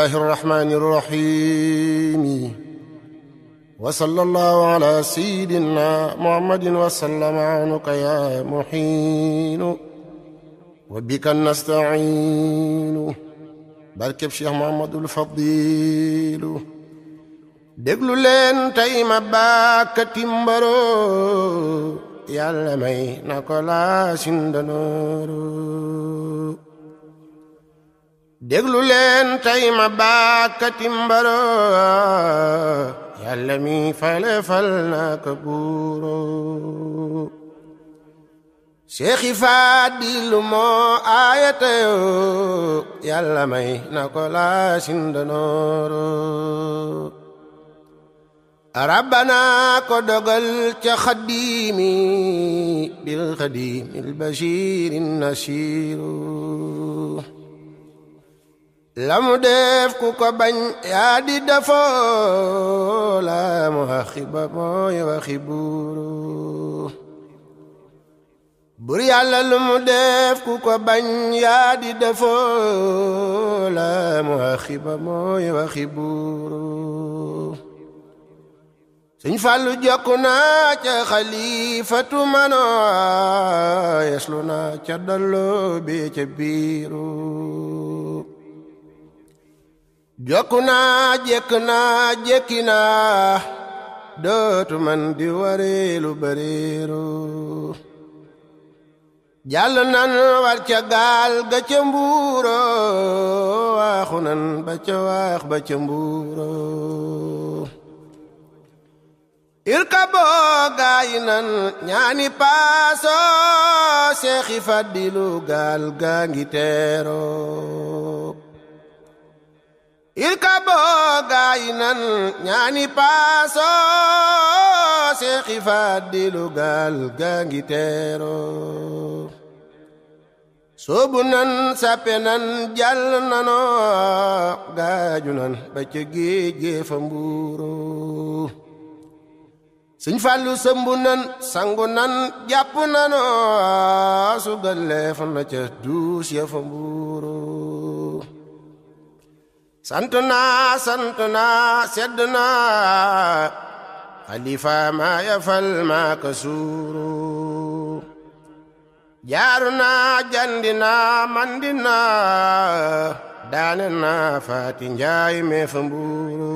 الله الرحمن الرحيم وصلى الله على سيدنا محمد وسلم عنك يا محين وبك نستعين barkeb Cheikh Muhammadul Fadilu déglu leen tey ma bàkkati mbaro yàlla may na ko laa sindanooro déglu leen tey ma baakati mbaro yàlla mi fale fal na seexi faadilu moo aayata yoo may na ko rabbana ko dogal ca xaddiimi bil xaddiimi al basiiri nasiiru lamu def ku ko bañ yaa di defoo la mu axiba mooy waxi buuru bur yàlla lu mu def ku ko bañ yaa di defoo la mu axiba mooy waxi buuru suñ fàllu jokk naa ca xalifatu manoo yeslu naa ca dallo bi ca jokk naa jekk naa jekki naa dootu man di wareelu bareeru jàll nan war ca gaal ga ca mbuuro waaxu nan ba ca waax ba ca mbuuro irkaboo gaayi nan ñaani paaso seexi faddilu gaal gaa ngi teeroo irkaboo gaayi nan ñaani paasoo seexi fàddilu gaal gaa ngi soobu nan sappe nan jàll nanoo gaaju nan ba ca géej géefa mbuuroo suñ fàllu sëmbu nan sangu nan jàpp nanoo sugal na ca duus ya fa mbuuroo sant naa sant naa sedd naa xalifa maa yafal suuru jaaru naa jandi naa mandi naa daane naa faati njaay mee mbuuru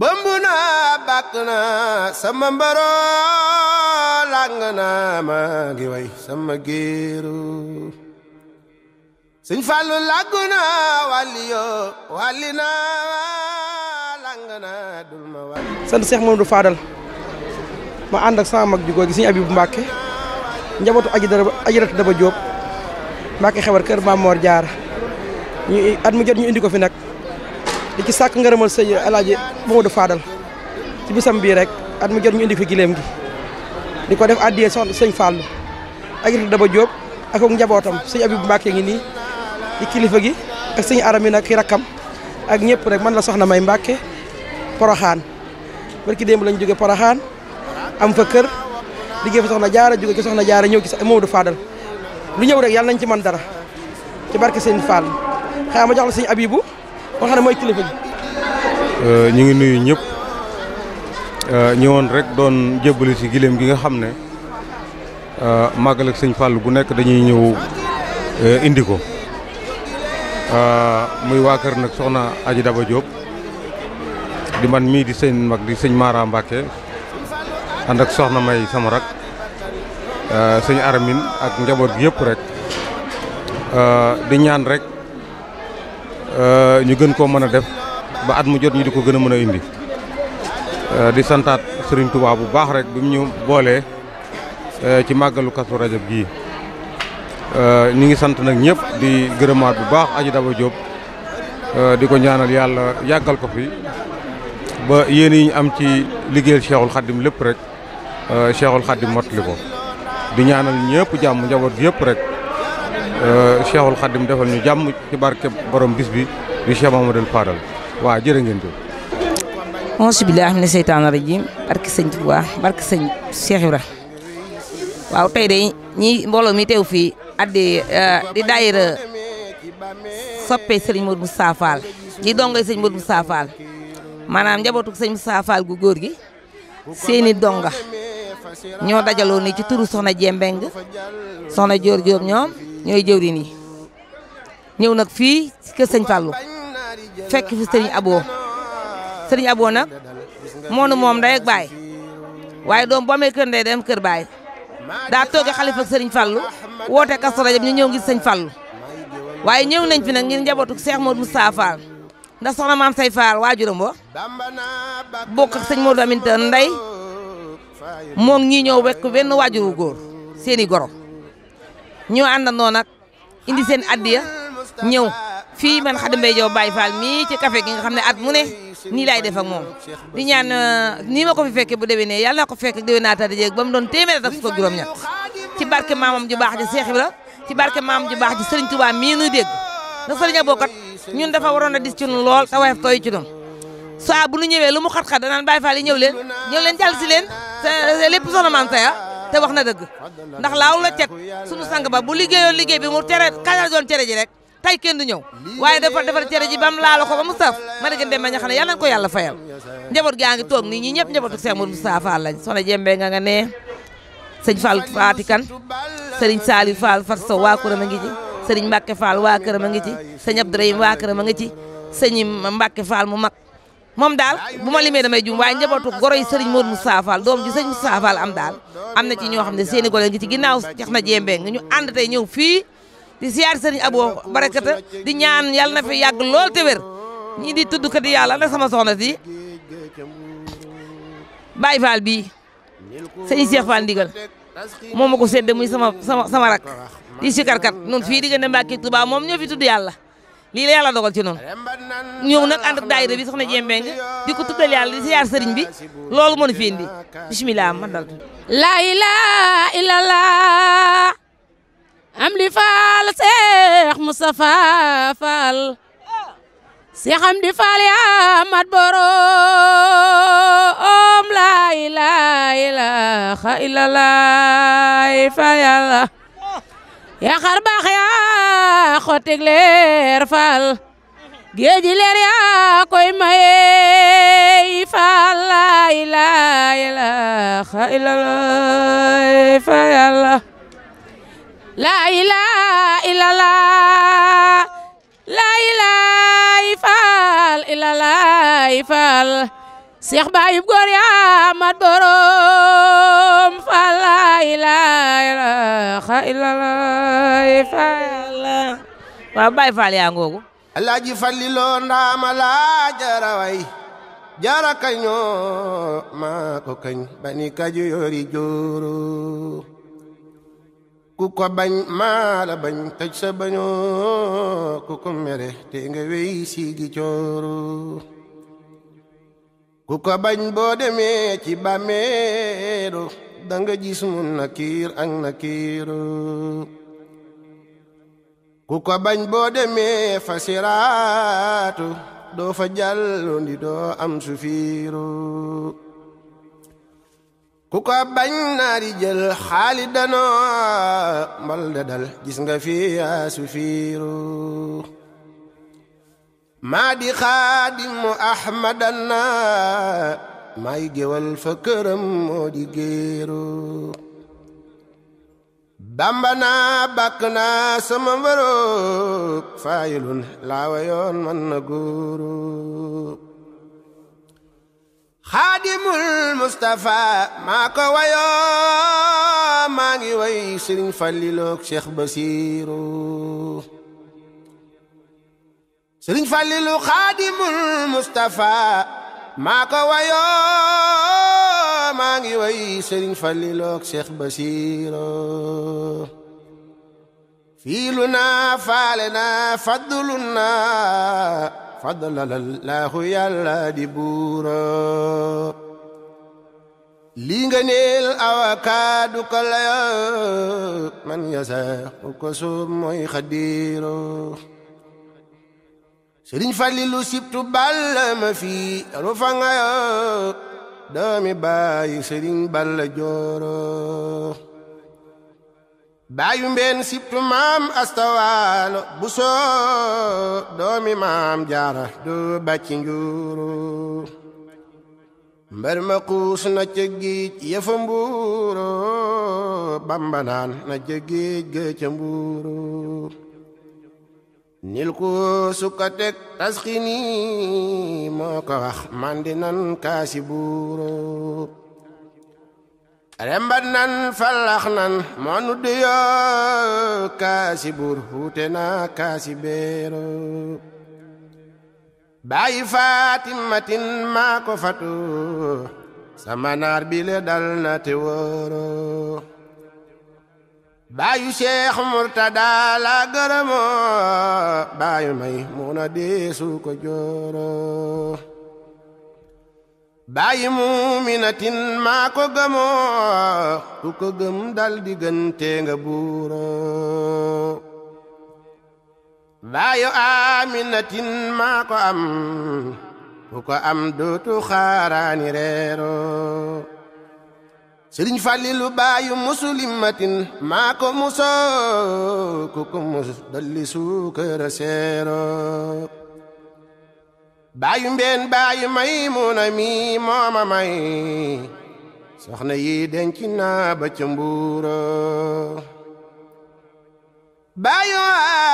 bëmb naa bàkk naa sama mbaro làng naa maa ngi way sama géeru sëñ Fallou làggu na wàlli yoo wàlli na lang na dul ma wàlli sant Cheikh ma ànd ak mag ji koo gi sëñ Abibu Mbàkke njabootu aji dara ajiratu daba Jóob Mbàkke xewar kër Maam Moor Jaara ñu at mu jot ñu indi ko fi nag di ci sàkk ngërëmal sëñ Alaaji Mamadou Fadal ci bisam bii rek at mu jot ñu indi ko fi di ko def addiyee soxna sëñ Fallou ajiratu daba Jóob ak njabootam sëñ Abibu Mbàkke ngi nii di kilifa gi ak sëñ aram yi nag ki rakkam ak ñëpp rek man la soxna May Mbàkke Poroxaan barki démb lañ jóge Poroxaan am fa kër liggéey fa soxna jaara jóge ci soxna jaar jaara ñëw ci Maodo Fadal lu ñëw rek yàlla nañ ci man dara ci barke sëñ Fall xaa ma jox la sëñ Abibu moo xam ne mooy kilifa gi euh, ñu ngi nuyu ñëpp euh, ñëwoon rek doon jébbali si giléem gi nga xam ne euh, màggal ak sëñ Fall bu nekk dañuy ñëw indi ko Euh, muy waa kër nag soxna Aji Daba Diop di man mii di sëñ mag di sëñ Mara Mbacke ànd ak soxna May sama rak euh, sëñ Aramine ak njaboot gi yëpp rek euh, di ñaan rek ñu gën koo mën a def ba at mu jot ñu di ko gën a mën a indi di santaat sëriñ Touba bu baax rek bi mu ñu boolee ci màggalu Kazu Rajab gii Euh, ñu ngi sant nag ñëpp di gërëmaat bu baax Adji Daba Diop euh, di ko ñaanal yàlla yàggal ko fi ba yéen yi ñu am ci liggéeyal Cheikhul Khadim lépp rek euh, Cheikhul Khadim mottali ko di ñaanal ñëpp jàmm njaboot gi yëpp rek Cheikhul Khadim defal ñu jàmm ci barke borom bis bi di Cheikh Mamadou Fadal waa jërë ngeen jëf. auzu billaahi mina seytaani rajiim barke sëñ Tuubaa barke sëñ Cheikh Ibrahima waaw tey de. ñi mbooloo mi fii at di eh, di daayira soppe sëriñ Modou Moustapha Fall ñi dongoy sëriñ Modou Moustapha Fall maanaam njabootu sëriñ Moustapha Fall gu góor gi seeni donga ñoo dajaloo ni ci turu soxna Jembeng soxna Dior Diop ñoom ñooy jëwriñ yi ñëw nag fii ci kër sëñ fekk fi sëriñ Abo sëriñ Abo nag moonu moom ndey baay waaye doom boo amee kër ndey kër baay daa tooge xalifa ak sëriñ Fallou woote Kazu Rajab ñu ñëw ngir sëñ Fallou waaye ñëw nañ fi nag ngir njabootu Cheikh Modou mu Fall ndax soxna maam say Fall waajuram ba bokk ak sëñ Modou Aminta Ndey moom ñii ñoo wekk benn wu góor seeni i goro ñoo àndandoo nag indi seen addiya ñëw fii man Khady Mbaye Diop Baye Fall mii ci café gi nga xam ne at mu ne nii laay def moom di ñaan euh, nii ma ko fi fekkee bu déwénee yàlla na ko fekk déwénaata di jeeg ba mu doon téeméer ak fukk ak juróom-ñett ci barke maamam ju baax ji Cheikh ci barke maamam ju baax ji Serigne Touba mii nuy ndax Serigne Abo kat ñun dafa waroon a dis ci ñun lool te wayef tooy ci saa bu nu ñëwee lu mu xat-xat danaan Baye Fall yi ñëw leen ñëw leen jàll leen lépp soxna maam saya wax na dëgg ndax laaw la cet sunu sang ba bu liggéeyoon liggéey bi mu tere kañal doon tere tay kenn du ñëw waaye dafa defar cere ji ba mu laal ko ba mu saf ma ne gën demee ña xam ko yàlla fayal njaboot gaa ngi toog ni ñi ñëpp njabootu Cheikh Modou Moustapha Fall lañ soxna jembe nga nga ne sëñ Fall Faati Kan sëriñ Saliou Fall Fat Sow waa këram a ngi ci sëriñ Mbacke Fall waa këram a ngi ci sëñ Abdourahim waa këram a ngi ci sëñ Mbacke Fall mu mag moom daal bu ma limee damay jum waaye njabootu goro yi sëriñ Modou Moustapha Fall doom ji sëñ Moustapha Fall am daal am na ci ñoo xam ne seeni gole ngi ci ginnaaw Cheikh na jembe nga ñu ànd ñëw fii di siyaar sëriñ Abo barakata di ñaan yàlla na fi yàgg lool te wér di tudd kat yàlla na sama soxna si Baye Fall bii sëñ Cheikh Fall ndigal moom ma ko sedde muy sama sama sama rak di sikarkat noonu fii diggante Mbàkke Tuubaa moom ño fi tudd yàlla lii la yàlla dogal ci noonu ñëw nag ànd ak daayira bi soxna Jembeng di ko tuddal yàlla di siyaar sëriñ bi lool moo ñu bismillah man dal la ilaha illallah am di faal seex Moustapha Fall seex am di faal yaa mat boroom laa ilaaha illallaah fa yàlla yaa xar baax yaa xotig leer faal géeji leer yaa koy maye faal laa ilaaha illallaah fa yàlla la ilaha illallah la ilaha faal illallah faal Seex Baay góor yaa mat borom faal la ilaha illallah faal waaw Baay Faal yaa ngoogu alaaji falliloo ndaama laa jaraway jara kañoo maa ko kañ bani kajoori jooro ku ko bañ maala bañ toj sa bañoo ku ko mere te nga wey siigi ku ko bañ boo demee ci bàmmeeru danga gis mu nakiir ak nakiiru ku ko bañ boo demee fa siraatu doo fa jàll ndi doo am sufiiru ku ko bañ naari jël xaali danoo mbal dal gis nga fi yaa sufiiru maa di xaadimu ahmadana maay géwal fa këram moo di géeru bamba naa bàkk naa sama mbaroog faayilun laawa yoon man na góoru xaadimul Moustapha maa ko wayoo maa ngi way Sëriñ Falliloog Cheikh Basiru Sëriñ Fallilu xaadimul Moustapha maa ko wayoo maa ngi way Sëriñ Falliloog Cheikh Basiru fiilu naa faale fadlalallaahu yàlla di buura lii nga neel awakaadu ko layo man yasa ku ko suub mooy xadiiro sëriñ falilu sibtu balla ma fii rufa ngayo doomi baayi balla jooro baayu mbeen siptu maam astawaalo bu soo maam jaara du bàcci njuuru mbër ma na ca géej yëfa mbuuru bambanaan na ca géej mbuuru nil ko sukka teg moo ko wax man di nan kaasi buuru rembat nan falax nan moo nu kaasi buur wuute naa kaasi beero baayi faatimatin maa ko fatu sama naar bi dal na te wóoro baayu seex murtada la gërëmoo baayu may muuna deesu ko jooro bàyyi muuminatin maa ko gëmoo ku ko gëm dal di gënte nga buuroo baayu aaminatin maa am ku ko am dootu xaaraani reeroo sëriñ fàllilu baayu musulimatin maa ko ku ko mus dalli suukara seeroo baayu mbeen baayu may muuna mi mooma may soxna yi denc naa ba ca mbuuro baayu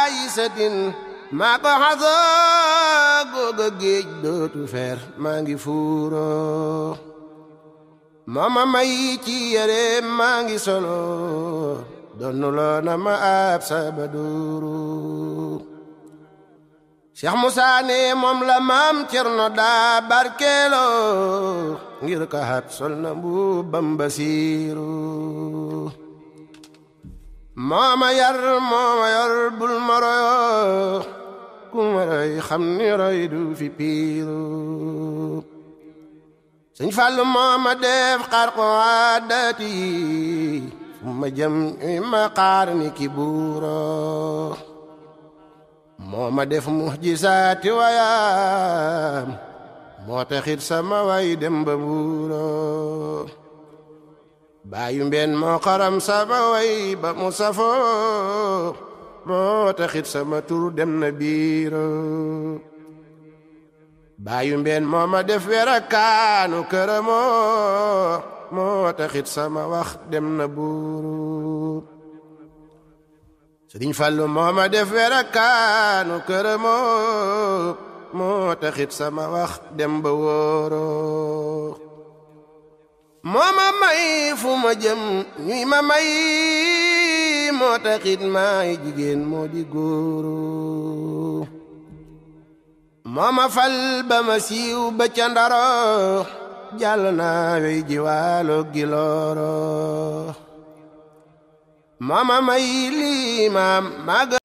ayisatin maa ko xasoo googa géej dootu feer maa ngi fuuro mooma may ci yére maa ngi solo donnu loona ma ab sabaduuru Cheikh Moussa ne moom la maam Cerno daa barkeeloo ngir kaat sol na bu Bamba siiru mooma yar mooma yor bul ma royo ku ma roy xam ni roy du fi piiru Sëñ Fallu mooma def xar ko aadati fu ma jëm ñuy ma xaar ni ki moo ma def muxjisaati wayaam moo taxit sama way dem ba buuroo baayu mbeen moo xaram sama way ba mu safoo moo taxit sama tur dem na biiroo baayu mbeen moo ma def werakaanu këramoo moo taxit sama wax dem na buuroo Sëriñ Fallu moo ma def werakaanu këramoo moo taxit sama wax dem ba wóoroo moo ma may fu ma jëm ñuy ma may moo taxit maay jigéen moo di góoru moo ma fal ba ma siiw ba ca ndaro jàll naa wey ji waalo gilooro mama may lii maam